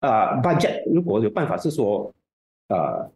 啊、呃、budget 如果有辦法是說啊，呃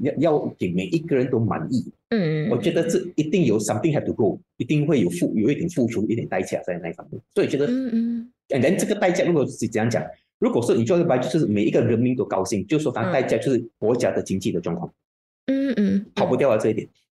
要要給每一個人都滿意，嗯、我覺得這一定有 something have to go，一定會有付有一點付出，一點代價在那方面，所以覺得，嗯，連、嗯、這個代價，如果是這樣講，如果是你做的吧，就是每一個人民都高興，就說他代價就是國家的經濟的狀況，嗯嗯，跑不掉啊，這一點。嗯嗯嗯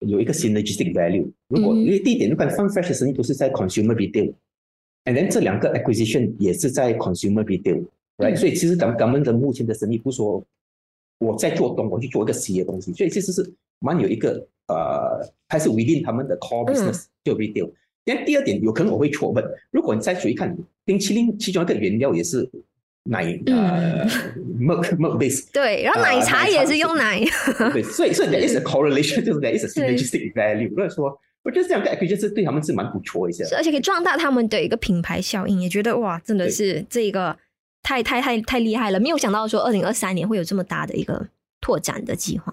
有一個 synergistic value。如果、嗯、因為第一點，你看 Fun Fresh 嘅生意都是在 consumer retail，and then 這兩個 acquisition 也是在 consumer retail、right? 嗯。所以其實咱們咱們的目前的生意，不說，我在做東，我去做一個西的東西。所以其實是蠻有一個呃，開始 within 他們的 core business、嗯、就 retail。然後第二點有可能我會錯問，如果你再注意看，冰淇淋其中一個原料也是。奶，呃、嗯 uh，milk，milk based 對，然後奶茶、呃、奶茶也是用奶。哈哈， 對，所以所以、so、there is a correlation， 就是 there is a synergistic value。不如說，我覺得兩個 equity 就是對他們是蠻不錯一些的。而且可以壯大他們的一個品牌效應，也覺得哇，真的是這個太太太太厲害了，沒有想到說二零二三年會有這麼大的一個拓展的計劃。